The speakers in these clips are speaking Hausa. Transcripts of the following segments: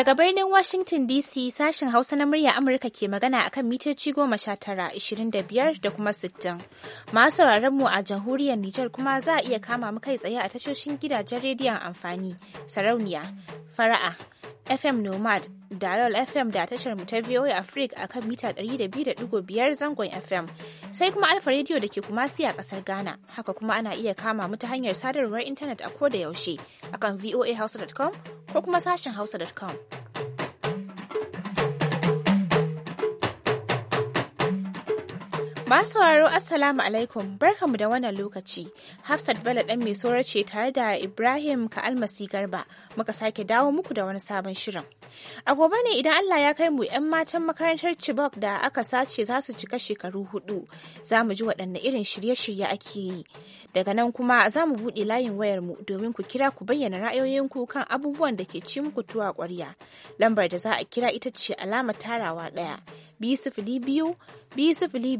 Daga birnin Washington DC sashin Hausa na murya Amurka ke magana akan mitoci goma sha tara, ishirin da biyar da kuma sittin. Masu mu a jamhuriyar Nijar kuma za a iya kama mu kai tsaye a tashoshin gidajen rediyon amfani, sarauniya, fara'a, FM Nomad da Lol FM da tashar mu ta VOA Africa a kan mita 200.5 zangon FM. Sai kuma Alfa Radio da ke kuma siya kasar Ghana. Haka kuma ana iya kama mu ta hanyar sadarwar intanet a ko da yaushe a kan voahausa.com ko kuma sashen hausa.com. Masu sauraro Assalamu alaikum barkamu da wannan lokaci. Hafsat Bello ɗan mai sorar ce tare da Ibrahim Ka'almasi Garba muka sake dawo muku da wani sabon shirin. A gobe ne idan Allah ya kai mu 'yan matan makarantar Chibok da aka sace za su cika shekaru hudu. Za mu ji waɗanne irin shirye-shirye ake yi. Daga nan kuma za mu buɗe layin wayar mu domin ku kira ku bayyana ra'ayoyinku kan abubuwan da ke ci muku tuwa ƙwarya. Lambar da za a kira ita ce alama tarawa ɗaya.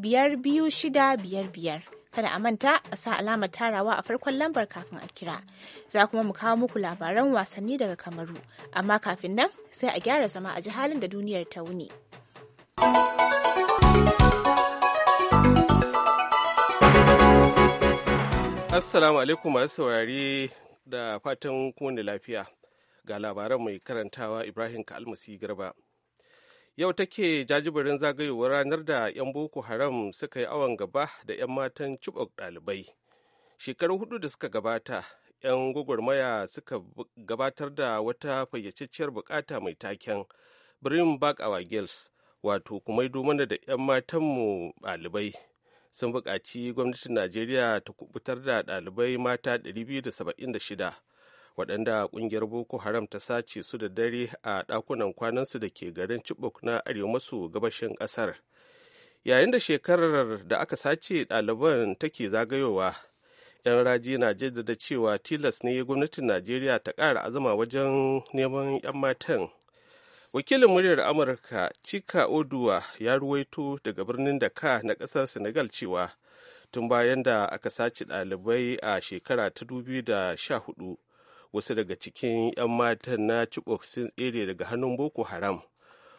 biyar Kada a manta a sa alamar tarawa a farkon lambar kafin a kira. Za kuma mu kawo muku labaran wasanni daga Kamaru, amma kafin nan sai a gyara zama a ji halin da duniyar ta wuni. Assalamu alaikum masu saurari da fatan kowane lafiya. Ga labaran mai karantawa Ibrahim Kalmasi Garba. yau take jajibirin zagayowar ranar da 'yan boko haram suka yi awon gaba da 'yan matan Chibok ɗalibai shekaru hudu da suka gabata 'yan gwagwarmaya suka gabatar da wata fayyacecciyar bukata mai taken bring back our girls wato kuma mana da 'yan matanmu ɗalibai sun buƙaci gwamnatin najeriya ta kubutar da ɗalibai mata 276 waɗanda ƙungiyar boko haram ta sace su da dare a ɗakunan kwanansu da ke garin cibok na arewa maso gabashin ƙasar yayin da shekarar da aka sace ɗaliban take zagayowa 'yan raji na jaddada cewa tilas ne gwamnatin najeriya ta ƙara azama wajen neman 'yan matan wakilin muryar amurka cika oduwa ya ruwaito daga birnin daka na ƙasar senegal cewa tun bayan da aka sace ɗalibai a shekara ta 2014 wasu daga cikin 'yan matan na chibok sun tsere daga hannun boko haram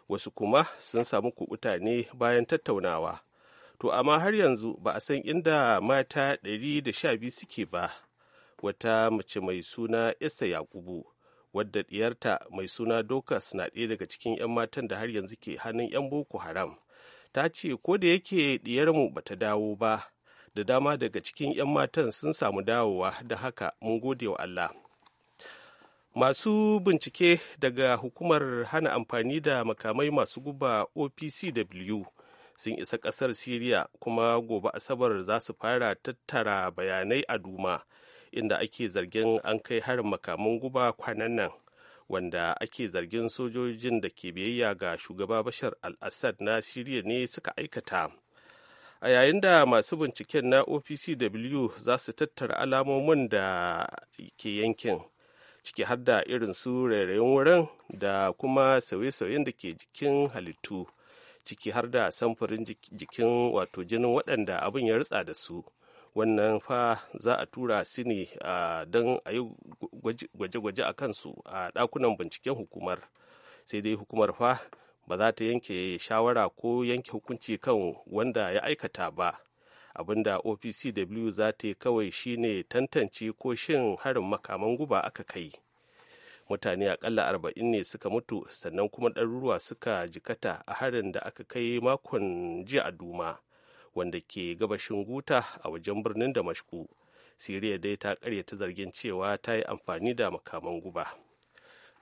wasu kuma sun samu kubuta ne bayan tattaunawa to amma har yanzu ba a san inda mata 112 suke ba wata mace mai suna isa yakubu wadda diyarta mai suna dokas na ɗaya daga cikin 'yan matan da har yanzu ke hannun 'yan boko haram ta ce ko da yake diyarmu ba ta dawo ba da dama daga cikin 'yan matan sun samu dawowa da haka mun gode wa allah masu bincike daga hukumar hana amfani da makamai masu guba opcw sun isa kasar syria kuma gobe asabar za su fara tattara bayanai a duma inda ake zargin an kai harin makaman guba kwanan nan wanda ake zargin sojojin da ke biyayya ga shugaba bashar al-assad na syria ne suka aikata a yayin da masu binciken na opcw za su tattara alamomin da ke yankin ciki har da irin su rairayin wurin da kuma sauye-sauyen da ke jikin halittu ciki har da samfurin jikin wato jinin waɗanda abin ya ritsa da su wannan fa za a tura su ne don a yi gwaje-gwaje a kansu a ɗakunan binciken hukumar sai dai hukumar fa ba za ta yanke shawara ko yanke hukunci kan wanda ya aikata ba abinda opcw za ta yi kawai shine tantance ko shin harin makaman guba aka kai mutane akalla arba'in ne suka mutu sannan kuma ɗaruruwa suka jikata a harin da aka kai makon jiya a duma wanda ke gabashin guta a wajen birnin da mashku siriya dai ta karyata zargin cewa ta yi amfani da makaman guba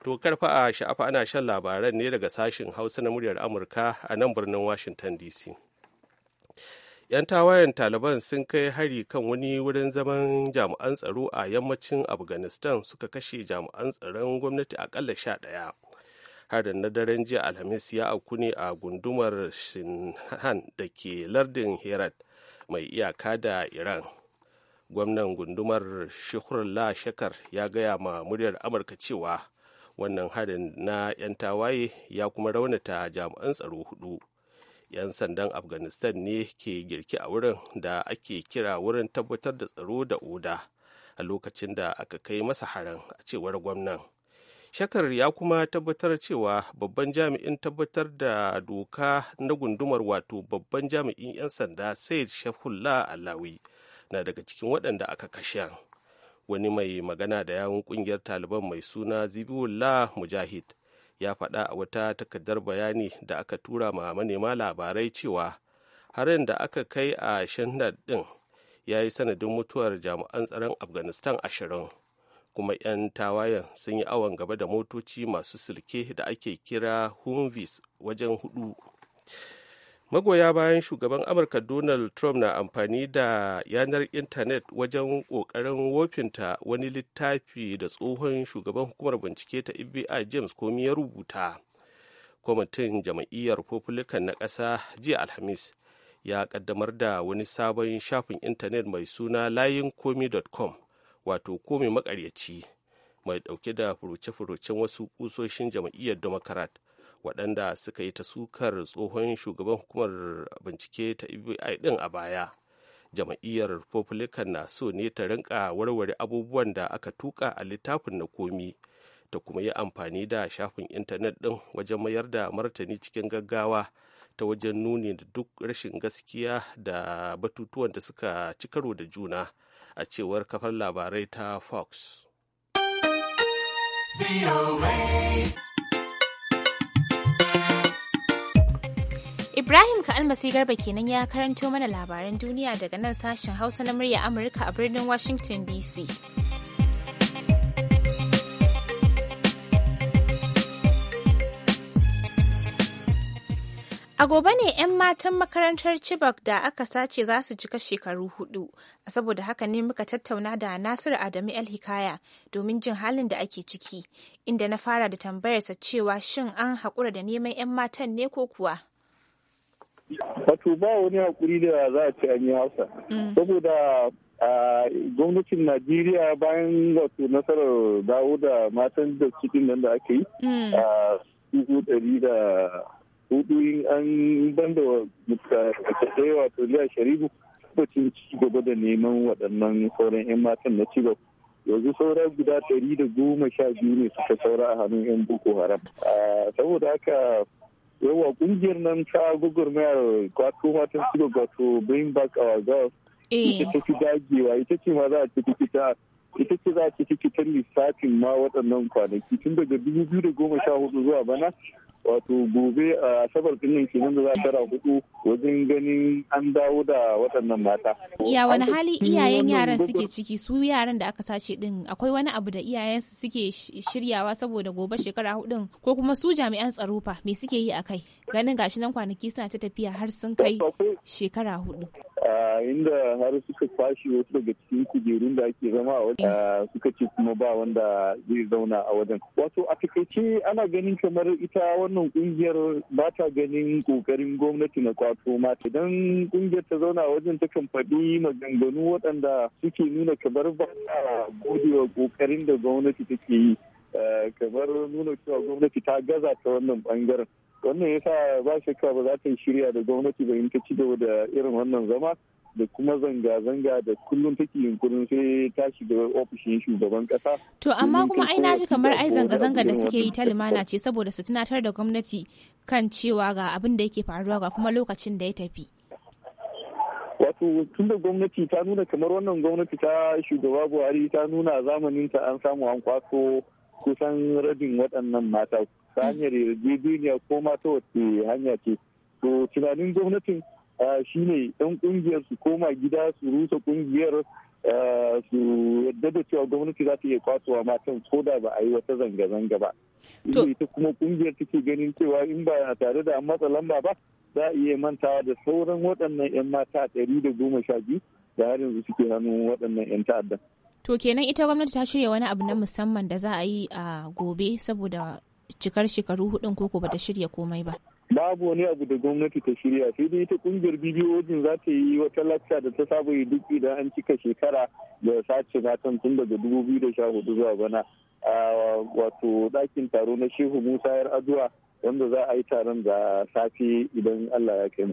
to karfa a sha'afa ana shan labaran ne daga sashen hausa na muryar amurka a nan birnin washington dc 'yan tawayen taliban sun kai hari kan wani wurin zaman jami'an tsaro a yammacin afghanistan suka kashe jami'an tsaron gwamnati akalla sha ɗaya harin na daren jiya alhamis ya auku ne a gundumar Shinhan da ke lardin herat mai iyaka da iran gwamnan gundumar shukrullah shakar ya gaya ma muryar amurka cewa wannan harin na 'yan tawaye ya kuma raunata jami'an tsaro hudu 'yan sandan afghanistan ne ke girki a wurin da ake kira wurin tabbatar da tsaro da oda a lokacin da aka kai masa harin a cewar gwamnan shakar ya kuma tabbatar cewa babban jami'in tabbatar da doka na gundumar wato babban jami'in 'yan sanda said shafullah alawi na daga cikin waɗanda aka kashe wani mai magana da yawun ƙungiyar taliban mai suna zibiullah mujahid ya faɗa a wata takardar bayani da aka tura ma manema labarai cewa harin da aka kai a shandar ɗin ya yi sanadin mutuwar jami'an tsaron afghanistan ashirin kuma 'yan tawayen sun yi awon gaba da motoci masu silke da ake kira humvis wajen hudu magoya bayan shugaban amurka donald trump na amfani da yanar intanet wajen kokarin wofinta wani littafi da tsohon shugaban hukumar bincike ta fbi james comey ya rubuta kwamitin jama'iyyar republican na ƙasa jiya alhamis ya kaddamar da wani sabon shafin intanet mai suna layinkomi.com wato komi makaryaci mai dauke da furuce-furucen wasu kusoshin jam'iyyar democrat waɗanda suka yi ta sukar tsohon shugaban hukumar bincike ta FBI e ɗin a baya. Jama'iyyar Republican na so ne ta rinka warware abubuwan da aka tuka a littafin na komi, ta kuma yi amfani da shafin intanet ɗin wajen mayar da martani cikin gaggawa ta wajen nuni da duk rashin gaskiya da batutuwan da suka ci karo da juna a cewar kafar labarai ta Fox. Ibrahim Ka'almasi Garba kenan ya karanto mana labaran duniya daga nan sashen Hausa na murya Amurka a birnin Washington DC. A gobe ne 'yan matan makarantar Chibok da aka sace za su cika shekaru hudu, saboda haka ne muka tattauna da Nasiru Adamu El domin jin halin da ake ciki, inda na fara da tambayarsa cewa shin an haƙura da neman 'yan matan ne ko kuwa? wato ba wani hakuri da za a ci an yi hausa mm. saboda gwamnatin najeriya bayan wato nasarar dawo da matan da cikin nan da aka yi mm. a dubu dari da hudu an banda mutane wato liya sharibu lokacin ci gaba da neman waɗannan sauran 'yan matan na ci yanzu saura guda ɗari da goma sha biyu ne suka saura a hannun 'yan boko haram saboda haka yawa kungiyar nan ta gugurmayar kwato matan suka kwato bring back our girls eh. ita ta fi dagewa ita ce ma za a ci fita ita ce za a ci fita lissafin ma waɗannan kwanaki tun daga 2014 goma sha hudu zuwa bana wato gobe a asabar ɗin kenan da za a tara hudu wajen ganin an dawo da waɗannan mata. Iya wani hali iyayen yaran suke ciki su yaran da aka sace din akwai wani abu da iyayen su suke shiryawa saboda gobe shekara hudun ko kuma su jami'an tsaro fa me suke yi a kai ganin gashi nan kwanaki suna ta tafiya har sun kai shekara hudu. inda har suka kwashe wasu daga cikin kujerun da ake zama a wajen suka ce kuma ba wanda zai zauna a wajen. Wato a takaice ana ganin kamar ita wannan kungiyar ba ta ganin kokarin gwamnati na kwato ma idan kungiyar ta zauna wajen ta kan faɗi maganganu waɗanda suke nuna kamar ba ta godewa kokarin da gwamnati take yi eh, kamar nuna cewa gwamnati ta gaza ta wannan bangaren wannan yasa ba shakka ba za ta yi shirya da gwamnati ba in ta ci gaba da irin wannan zama da kuma zanga-zanga da kullum take yunkurin sai ta shiga ofishin shugaban kasa. To amma kuma ai naji kamar ai zanga-zanga da suke yi ta limana ce saboda su tunatar da gwamnati kan cewa ga abin da yake faruwa ga kuma lokacin da ya tafi. Wato tun da gwamnati ta nuna kamar wannan gwamnati ta shugaba Buhari ta nuna zamanin ta an samu an kwaso kusan rabin waɗannan mata ta hanyar yarjejeniya ko mata wacce hanya ce. To tunanin gwamnatin shine yan ƙungiyar su koma gida su rusa ƙungiyar su yadda da cewa gwamnati za ta iya kwatowa matan ko da ba a yi wata zanga-zanga ba. Ita kuma kungiyar take ganin cewa in ba na tare da an matsa lamba ba za a iya mantawa da sauran waɗannan 'yan mata ɗari da goma sha biyu da har yanzu suke hannun waɗannan 'yan ta'adda. To kenan ita gwamnati ta shirya wani abu na musamman da za a yi a gobe saboda cikar shekaru hudun koko bata shirya komai ba. babu wani abu da gwamnati ta shirya sai dai ita kungiyar bidiyo za ta yi wata lacca da ta saba yi duk idan an cika shekara da sace matan tun daga 2014 zuwa bana a wato dakin taro na shehu musa yar azuwa wanda za a yi taron da safe idan allah ya kai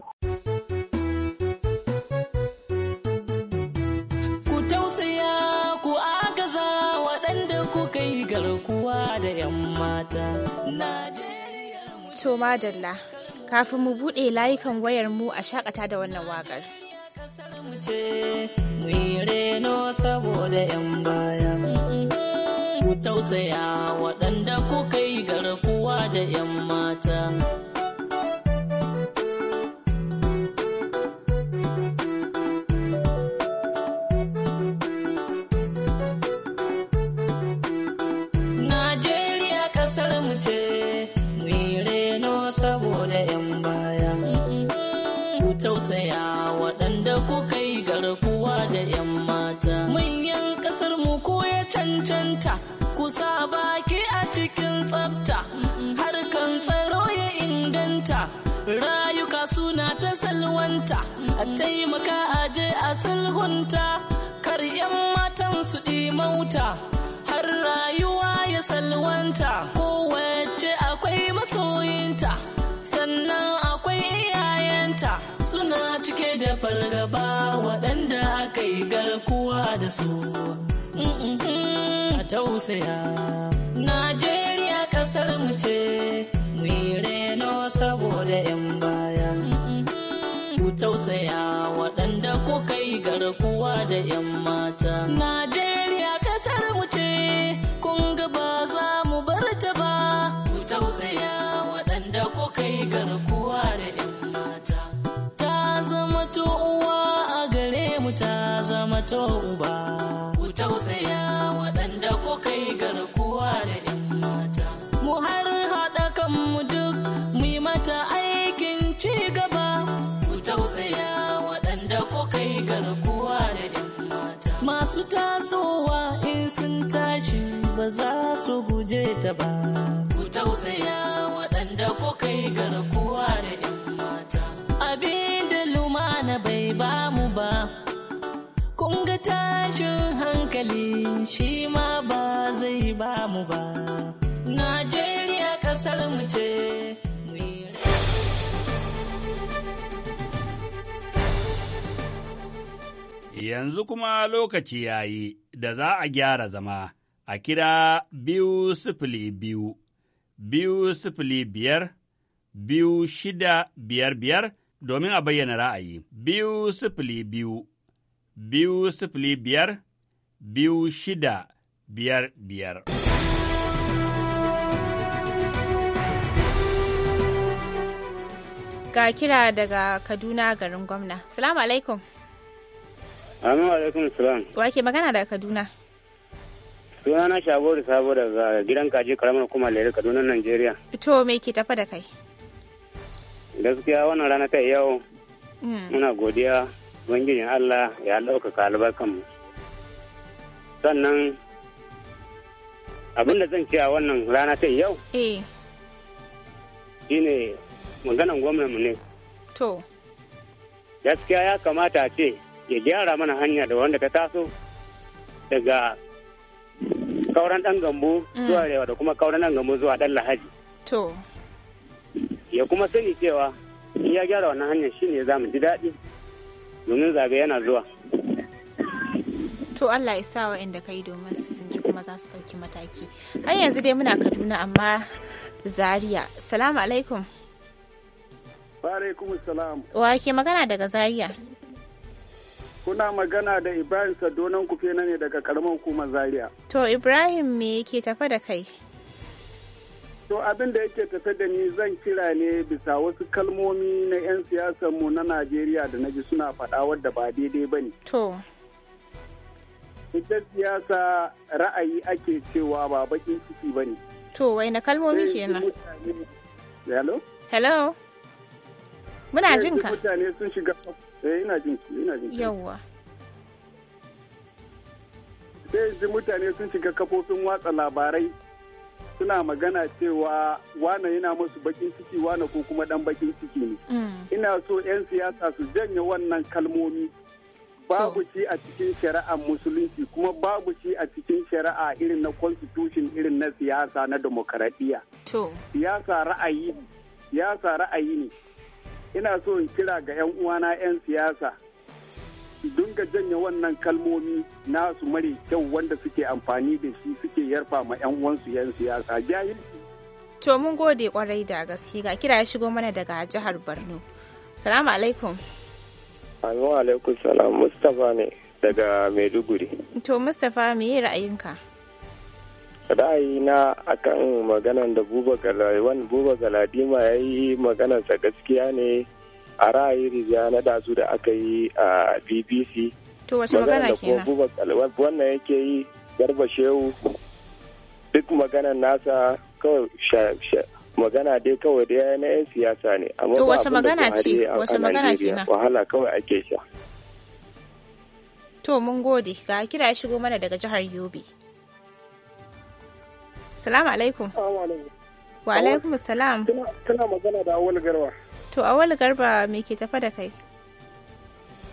ku tausaya ku agaza waɗanda kuka yi garkuwa da 'yan na To madalla, kafin mu buɗe layukan wayar mu a shakata da wannan waƙar. reno saboda 'yan baya. ku tausaya waɗanda kuka yi garkuwa da yamma. hunta kar 'yan matan su mauta har rayuwa ya salwanta kowace akwai masoyinta sannan akwai iyayenta suna cike da fargaba waɗanda aka yi garkuwa da su a tausaya najeriya ƙasar mu ce kai garkuwa da 'yan mata. Najeriya kasar mu ce, kun ga ba za mu bar ta ba. Ku tausaya waɗanda kuka kai garkuwa da 'yan mata. Ta zama to uwa a gare mu ta zama to uba. ba za su guje ta ba. Ku tausaya waɗanda ku kai garkuwa da 'yan mata. Abin da lumana bai ba mu ba, kun ga tashin hankali shi ma ba zai ba mu ba. Najeriya ƙasar mu ce. yanzu kuma lokaci yayi da za a gyara zama a kira biyu sifili biyu, biyu sifili biyar, biyu shida biyar biyar domin a bayyana ra'ayi. Biyu sifili biyu, biyu sifili biyar, biyu shida biyar biyar. Ga kira daga Kaduna garin gwamna. Salamu alaikum. Amin alaikum salam. Wake magana daga Kaduna. Suna na Shagori Sabo daga gidan kaji karamar kuma Lere Kaduna Najeriya. To me ke tafa da kai? Gaskiya wannan rana ta yau mm. muna godiya Ubangijin Allah ya ɗaukaka mu Sannan abin da zan ce a wannan rana ta yau? Eh. Shine maganan gwamnanmu ne. To. Gaskiya ya kamata ce ya gyara mana hanya da wanda ta taso daga kauran ɗan gambo mm. zuwa rewa da kuma kauran ɗan gambo zuwa ɗan lahaji to ya kuma sani cewa in ya gyara wannan hanyar shi ne za mu ji daɗi domin zabe yana zuwa to Allah ya sa ka yi domin su sun ji kuma za su ɗauki mataki har yanzu dai muna kaduna amma zaria salamu alaikum wa alaikum salam wa ke magana daga zaria kuna magana da ibrahim sadonan kufe na ne daga karamar hukumar zaria to ibrahim me yake tafa da kai to abin da yake tafe da ni zan kira ne bisa wasu kalmomi na 'yan siyasarmu na najeriya da na ji suna faɗa wadda ba daidai ba ne to ita siyasa ra'ayi ake cewa ba bakin ciki ba ne to wai na kalmomi kenan hello hello muna jinka mutane sun shiga Eh, ina jin ki sai yanzu mutane sun shiga kafofin watsa labarai suna magana cewa wane yana masu bakin ciki wane ko kuma dan bakin ciki ne mm. ina so 'yan siyasa su janye wannan kalmomi babu shi a cikin shari'a musulunci kuma babu shi a cikin shari'a irin na constitution irin na siyasa na demokaradiyya siyasa ra'ayi siyasa ra'ayi ne ina so in kira ga 'yan uwana 'yan siyasa dinga janye wannan kalmomi nasu mare kyau wanda suke amfani da shi suke yarfa ma 'yan uwansu 'yan siyasa jahil To mun gode kwarai da gaske ga kira ya shigo mana daga jihar Borno. Salamu alaikum. alaikum salam mustafa ne daga Maiduguri. To mustafa me ra'ayinka? ra'ayina kan maganan da buba wani buba galadima ya yi maganarsa gaskiya ne a ra'ayi rijiya na dazu da aka yi a bbc to wace magana kenan wannan yake yi garba shehu duk maganar nasa kawai magana dai kawai dai na 'yan siyasa ne amma ba abin magana ce wace magana kenan wahala kawai ake sha to mun gode ga kira ya shigo mana daga jihar yobe Salamu alaikum. Wa alaikum salam. Tana magana da awal garba. To awal garba me ke tafa da kai?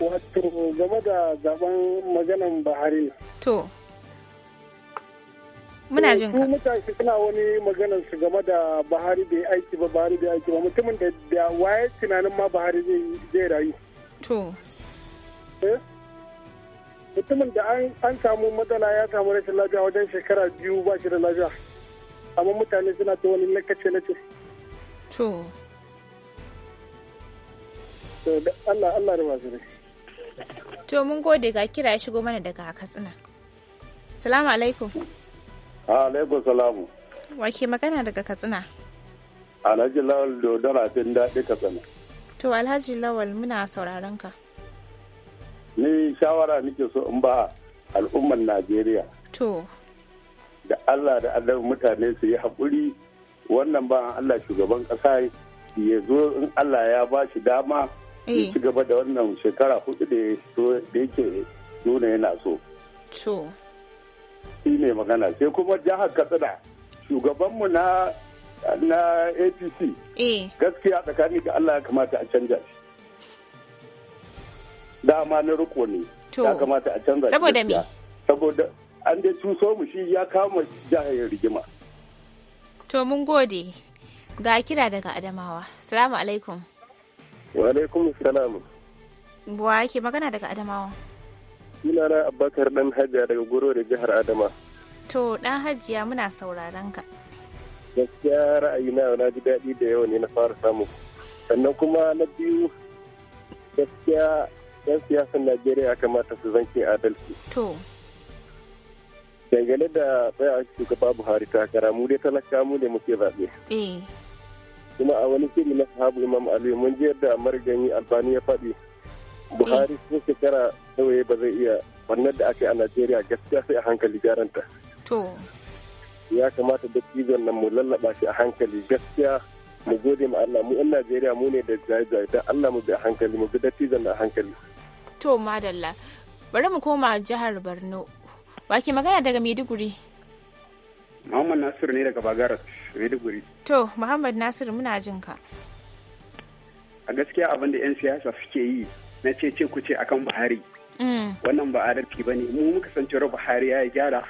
Wato game da zaben maganan Buhari. To. Muna eh, jin ka. shi suna wani maganan su game da Buhari bai aiki ba Buhari bai aiki ba mutumin da waye tunanin ma Buhari zai rayu. To. Eh? Mutumin da an samu matsala ya samu rashin lafiya wajen shekara biyu ba shi da lafiya. amma mutane suna ta wani lakace na to to da Allah Allah ruwa su to mun gode ga kira ya shigo mana daga Katsina salamu alaikum ah, alaikum salamu ke magana daga Katsina Alhaji Lawal Dodara tin daɗi Katsina to Alhaji Lawal muna sauraron ka ni shawara nake so in ba al'ummar Najeriya to da Allah da Allah mutane su yi haƙuri wannan ba Allah shugaban ƙasa ya zo in Allah ya ba shi dama ya eh. ci gaba da wannan shekara hudu da yake nuna yana so. To. Shi ne magana sai kuma jihar Katsina shugabanmu na na APC. Eh. Gaskiya tsakanin ga Allah ya kamata a canja shi. Dama na riko ne. Ya kamata a canza shi. Saboda me? Saboda an dai tuso mu shi ya kama jihar rigima. To mun gode ga kira daga Adamawa. Salamu alaikum. Wa alaikum salam. Buwa ke magana daga Adamawa. Ina na Abubakar dan Hajiya daga Goro da jihar Adama. To dan Hajiya muna sauraron ka. Gaskiya ra'ayi na na ji daɗi da yau ne na fara samu. Sannan kuma na biyu gaskiya 'yan siyasan Najeriya kamata su zanke adalci. To. dangane da tsaya shugaba buhari takara mu dai talaka mu ne muke zaɓe eh. kuma a wani shiri na sahabu imam ali mun ji da marigani albani ya faɗi buhari sun shekara sauye ba zai iya wannan da aka yi a najeriya gaskiya sai a hankali garanta to ya kamata da cizon nan mu lallaba shi a hankali gaskiya mu gode ma Allah mu yan Najeriya mu ne da jajaye da Allah mu bi a hankali mu bi da cizon a hankali to madalla bari mu koma jihar Borno Wake magana daga Maiduguri. Muhammad Nasiru ne daga Bagaras, Maiduguri. To, Muhammad Nasiru muna jin ka. A gaskiya abin da 'yan siyasa suke yi na ce ce ku ce akan Buhari. Mm. Wannan ba adalci ba ne, mu muka san cewa Buhari ya yi gyara.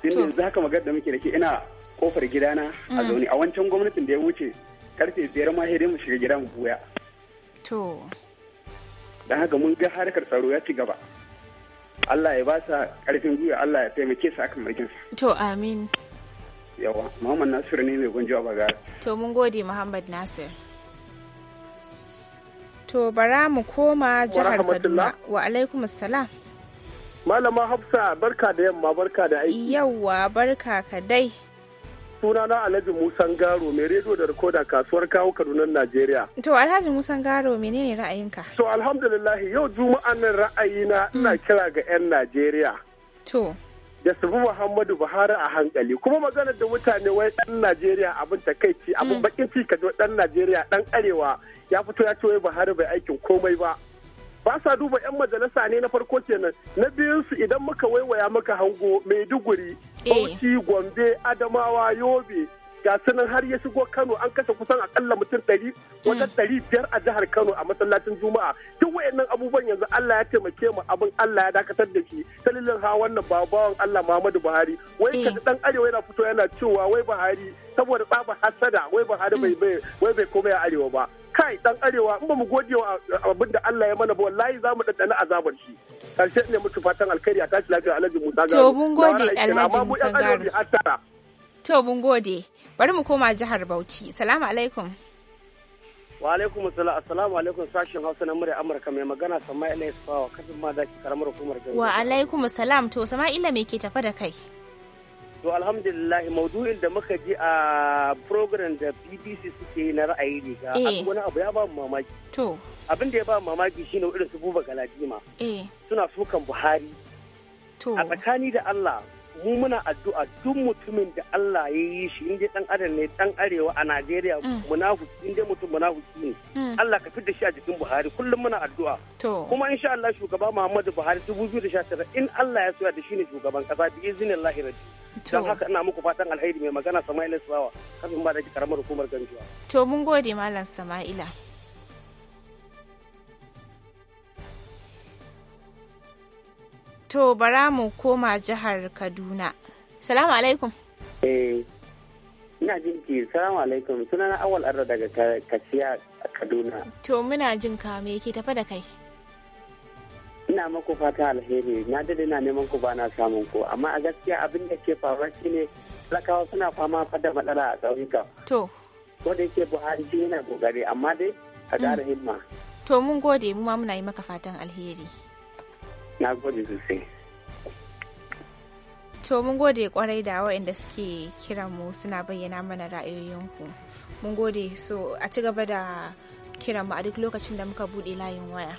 Din yanzu haka magana da muke da ke ina kofar gidana a mm. zaune a wancan gwamnatin da ya wuce karfe biyar ma ya mu shiga gidan mu buya. To. Don haka mun ga harkar tsaro ya ci gaba. Allah ya ba sa karfin gwiwa Allah ya taimake su akan mulkin sa to amin yawa Muhammad Nasiru ne mai gunjiwa baga to mun gode Muhammad Nasir to bara mu koma jihar Kaduna wa alaikum assalam Malama Hafsa barka da yamma barka da aiki yawwa barka ka dai na Alhaji Musan Garo mai rediyo da rikoda kasuwar kawo kadunan Najeriya. To Alhaji Musan Garo menene ra'ayinka? To alhamdulillah yau juma'an nan ra'ayina ina mm. kira ga 'yan Najeriya. To. Da su Muhammadu Buhari a hankali kuma maganar da mutane wai ɗan Najeriya abin takaici abin mm. bakin ci ka ɗan Najeriya ɗan arewa ya fito ya ce wai Buhari bai aikin komai ba. ba sa duba 'yan majalisa ne na farko kenan na biyunsu idan muka waiwaya maka hango maiduguri eh. bauchi gombe adamawa yobe ga sunan har ya shigo kano an kashe kusan akalla mutum ɗari wata mm. ɗari biyar a jihar kano a masallacin juma'a duk wayannan abubuwan yanzu allah ya taimake mu abin allah ya dakatar da shi dalilin ha wannan babawan allah muhammadu buhari wai kaji eh. dan arewa yana fito yana cewa wai buhari saboda tsaba hasada wai buhari bai mm. bai komai a arewa ba kai dan arewa in ba mu gode wa abin da Allah ya mana ba wallahi za mu ɗanɗana azabar shi karshe ne mutu fatan alkhairi a tashi lafiya Alhaji Musa Garo to mun gode Alhaji Musa Garo to mun gode bari mu koma jihar Bauchi salamu alaikum wa alaikum assalam assalamu alaikum sashin Hausa na murya Amurka mai magana Sama'ila Isfawa kasin ma da karamar hukumar Wa alaikum assalam to Sama'ila me ke tafa da kai to alhamdulillah maudu'in da muka ji a program da bbc suke na ra'ayi ne ga eh. wani abu ya ba mu mamaki to abin da ya ba mu mamaki shine irin su buba galadima eh. suna sukan buhari to a tsakani da allah mu muna addu'a duk mutumin da allah ya yi shi inda dan adam ne dan arewa a najeriya mm. munafuki inda mutum munafuki ne mm. allah ka da shi a jikin buhari kullum muna addu'a kuma insha allah shugaba muhammadu buhari 2019 in allah ya soya da shi ne shugaban kasa bi izinin lahi don haka ina muku fatan alheri mai magana sama'ila Sawa kafin ba da karamar hukumar ganjuwa to mun gode malam sama'ila to bara mu koma jihar kaduna salamu alaikum eh ina jin ki salamu alaikum sunana awal arra daga kaciya kaduna to muna jin ka me ke tafa da kai ina maku fata alheri na dade na neman ku bana samun ku amma a gaskiya abin da ke faruwa shine talakawa suna fama fada matsala a ƙauyuka to ko da yake buhari shi yana kokari amma dai a mm. ƙara himma to mun gode mu ma muna yi maka fatan alheri na gode sosai to mun gode kwarai da waɗanda suke kiran mu suna bayyana mana ra'ayoyinku mun gode so a ci gaba da kiran mu a duk lokacin da muka buɗe layin waya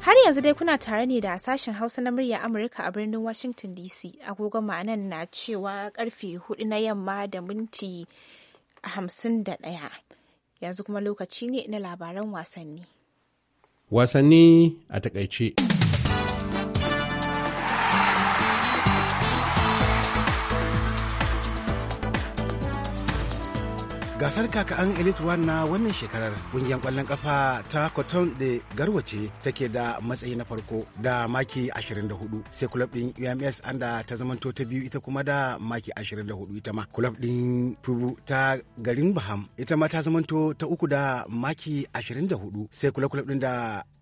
Har yanzu dai kuna tare ne da sashen Hausa na murya Amurka a birnin Washington DC. Agogon ma'anan na cewa karfe 4 na yamma da minti 51. Yanzu kuma lokaci ne na labaran wasanni. Wasanni a takaice. gasar kakaan elite one na wannan shekarar kungiyar kwallon kafa ta cotton de garwace take da matsayi na farko da maki 24 sai club din ums anda ta zamanto ta biyu ita kuma da maki 24 ita ma club din fubu ta garin baham ita ma ta zamanto ta uku da maki 24 sai club club din da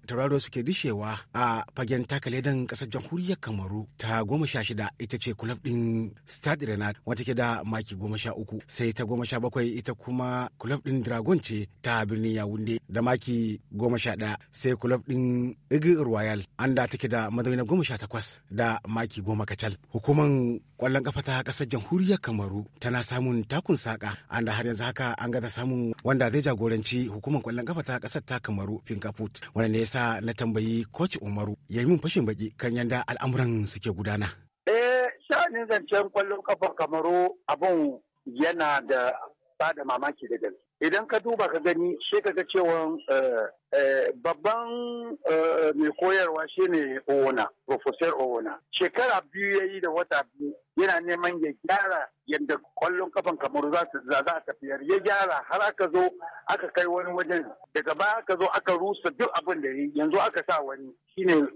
tauraro suke dishewa a fagen don kasar jamhuriyar kamaru ta goma sha shida ita ce kulab din stade renard wata ke da maki goma sha uku sai ta goma sha bakwai ita kuma kulab din dragon ce ta birnin yawunde da maki goma sha ɗaya sai kulab din igi royal anda take da mazauna goma sha takwas da maki goma kacal hukuman kwallon kafa ta kasar jamhuriyar kamaru tana samun takun saka anda har yanzu haka an gada samun wanda zai jagoranci hukuman kwallon kafa ta kasar ta kamaru finkaput wanda ne ya sa na tambayi Koci Umaru ya yi min fashin baki kan yanda al'amuran suke gudana. Eh, sha'anin zancen kwallon kafar kamaru abin yana da ba da mamaki da gaske. idan ka duba ka gani sai ka ga cewa eh, eh, babban eh, mai koyarwa shine owona professor owona shekara biyu ya yi da wata biyu yana neman ya gyara yadda kwallon kafan kamar za za a tafiyar ya gyara har aka zo aka kai wani wajen daga baya aka zo aka rusa duk abin da yanzu aka sa wani shine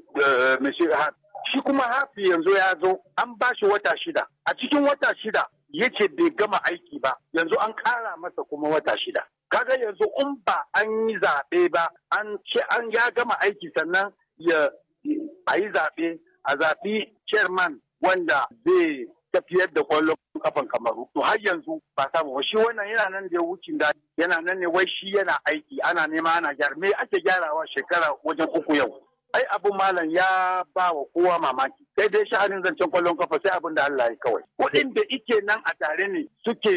mai shi kuma hafi yanzu ya zo an ba shi wata shida a cikin wata shida yace bai gama aiki ba yanzu an kara masa kuma wata shida kaga yanzu in ba an yi zaɓe ba an ce an ya gama aiki sannan ya a yi zaɓe a zaɓi chairman wanda zai tafiyar da kwallon kafan kamaru to har yanzu ba samu shi wannan yana nan da ya wucin da yana nan ne wai shi yana aiki ana nema ana gyara me ake gyarawa shekara wajen uku yau ai abu malam ya ba wa kowa mamaki sai dai sha'anin zancen kwallon kafa sai abin da Allah ya kawai kuɗin da ike nan a tare ne suke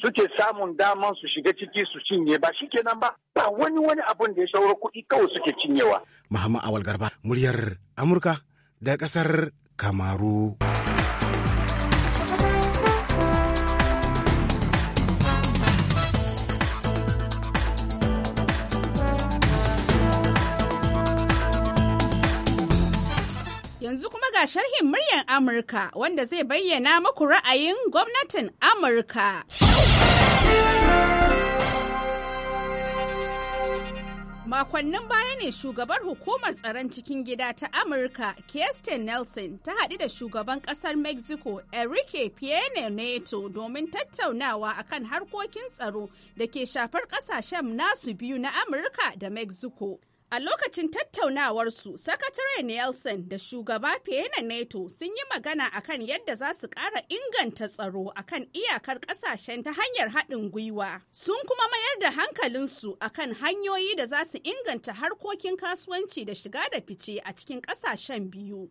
suke samun daman su shiga ciki su cinye ba shi kenan ba ba wani wani abun da ya shawara kuɗi kawai suke cinyewa Muhammad Awal Garba muryar Amurka da ƙasar Kamaru ga sharhin muryar Amurka wanda zai bayyana maku ra'ayin gwamnatin Amurka. Makonnin baya ne shugabar hukumar tsaron cikin gida ta Amurka, Kirsten Nelson, ta haɗu da shugaban ƙasar Mexico, Enrique piene Neto, domin tattaunawa akan harkokin tsaro da ke shafar ƙasashen nasu biyu na Amurka da Mexico. A lokacin tattaunawarsu, Sakatare Nielsen, da shugaba na NATO sun yi magana akan yadda za su ƙara inganta tsaro akan iyakar ƙasashen ta hanyar haɗin gwiwa. Sun kuma mayar da hankalinsu akan hanyoyi da za su inganta harkokin kasuwanci da shiga da fice a cikin ƙasashen biyu.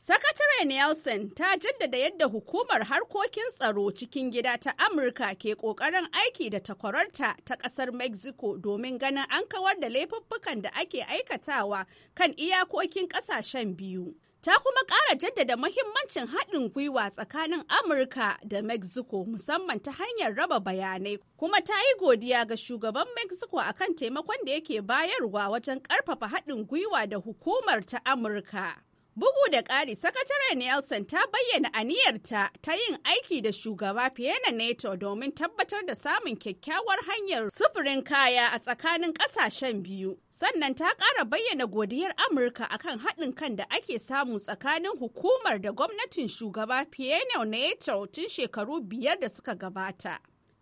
Sakatare Nelson ta jaddada yadda hukumar harkokin tsaro cikin gida ta Amurka ke ƙoƙarin aiki da takwararta ta ƙasar Mexico domin ganin an kawar da laifuffukan da ake aikatawa kan iyakokin ƙasashen biyu. Ta kuma ƙara jaddada mahimmancin haɗin gwiwa tsakanin Amurka da Mexico musamman ta hanyar raba bayanai, kuma ta yi godiya ga shugaban Mexico akan taimakon da yake bayarwa wajen ƙarfafa haɗin gwiwa da hukumar ta Amurka. Bugu da ƙari, Sakatare Nelson ta bayyana aniyarta ta yin aiki da shugaba fiye na NATO domin tabbatar da samun kyakkyawar hanyar sufurin kaya a tsakanin ƙasashen biyu. Sannan ta ƙara bayyana godiyar Amurka akan haɗin kan da ake samu tsakanin hukumar da gwamnatin shugaba fiye na NATO tun shekaru biyar da suka gabata.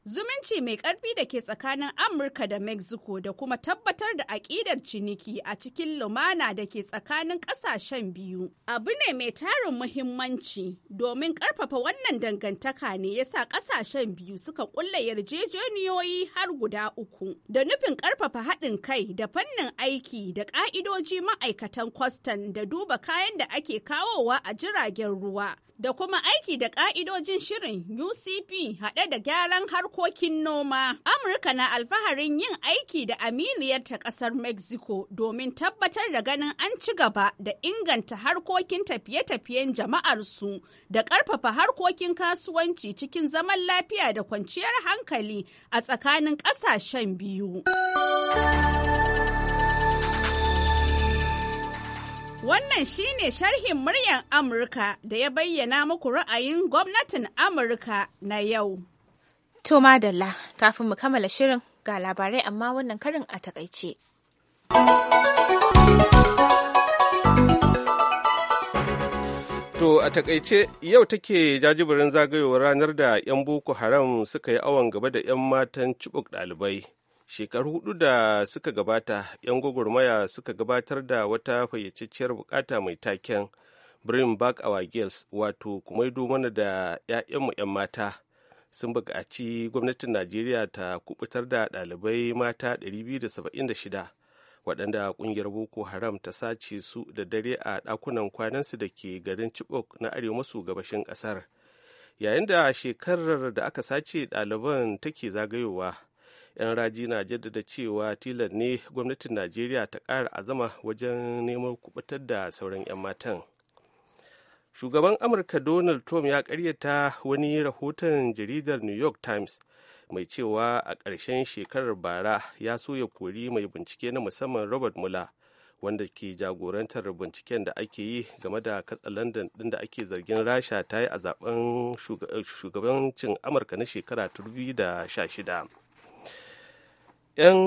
zumunci mai ƙarfi da ke tsakanin amurka da mexico da kuma tabbatar da aƙidar ciniki a cikin lumana da ke tsakanin ƙasashen biyu abu ne mai tarin muhimmanci domin ƙarfafa wannan dangantaka ne yasa ƙasashen biyu suka ƙulla yarjejeniyoyi har guda uku da nufin ƙarfafa haɗin kai da fannin aiki da ƙa'idoji ma'aikatan kwastan da duba kayan da ake kawowa a jiragen ruwa da kuma aiki da ƙa'idojin shirin ucp haɗe da gyaran harko harkokin noma. Amurka na alfaharin yin aiki da aminiyar ta ƙasar Mexico domin tabbatar da ganin an ci gaba da inganta harkokin tafiye-tafiyen jama'arsu da ƙarfafa harkokin kasuwanci cikin zaman lafiya da kwanciyar hankali a tsakanin ƙasashen biyu. Wannan shi ne sharhin muryar Amurka da ya bayyana muku ra'ayin gwamnatin Amurka na yau. To madalla kafin mu kammala shirin ga labarai amma wannan karin a takaice. To a takaice yau take jajibirin zagayowar ranar da 'yan Boko Haram suka yi awon gaba da 'yan matan cibok ɗalibai. Shekaru hudu da suka gabata, 'yan gwagwarmaya suka gabatar da wata fayyacecciyar bukata mai taken Bring Back Our Girls wato kumaido mana da 'ya'yanmu 'yan mata. sun buƙaci gwamnatin najeriya ta kubutar da ɗalibai mata 276 waɗanda ƙungiyar boko haram ta sace su da dare a ɗakunan kwanansu da ke garin chibok na arewa maso gabashin ƙasar yayin da shekarar da aka sace ɗaliban take zagayowa 'yan raji na jaddada cewa tilar ne gwamnatin najeriya ta ƙara azama wajen neman kubutar da sauran 'yan matan. shugaban amurka donald trump ya karyata wani rahoton jaridar new york times mai cewa a ƙarshen shekarar bara ya so ya kori mai bincike na musamman robert mueller wanda ke jagorantar binciken da ake yi game da katsalandan din da ake zargin rasha ta yi a zaben shugabancin amurka na shekara 2016 'yan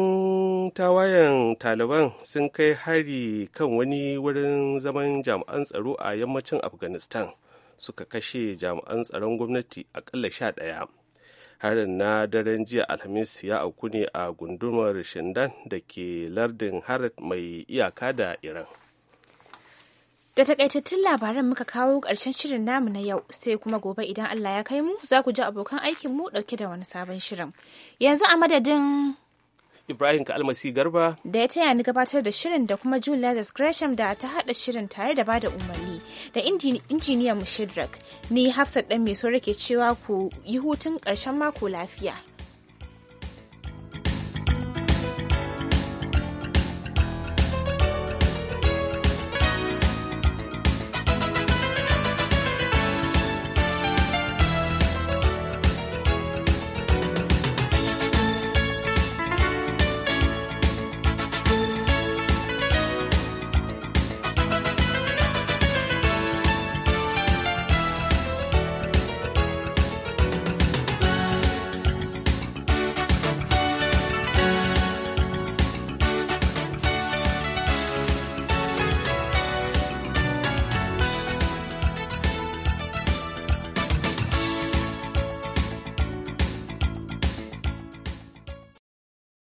tawayen taliban sun kai hari kan wani wurin zaman jami'an tsaro a yammacin afghanistan suka kashe jami'an tsaron gwamnati akalla sha ɗaya harin na daren jiya alhamis ya auku ne a gundumar shindan da ke lardin harat mai iyaka da iran Da takaitattun labaran muka kawo ƙarshen shirin namu na yau sai kuma gobe idan Allah ya kai mu za ku ji abokan aikinmu mu ɗauke da wani sabon shirin. Yanzu a madadin Ibrahim Kalmasi Garba da ya taya ni gabatar da shirin da kuma June Lazarus Gresham da ta haɗa shirin tare da bada umarni da injiniyan mu Shidrak ni Hafsat ɗan mai so ke cewa ku yi hutun ƙarshen mako lafiya.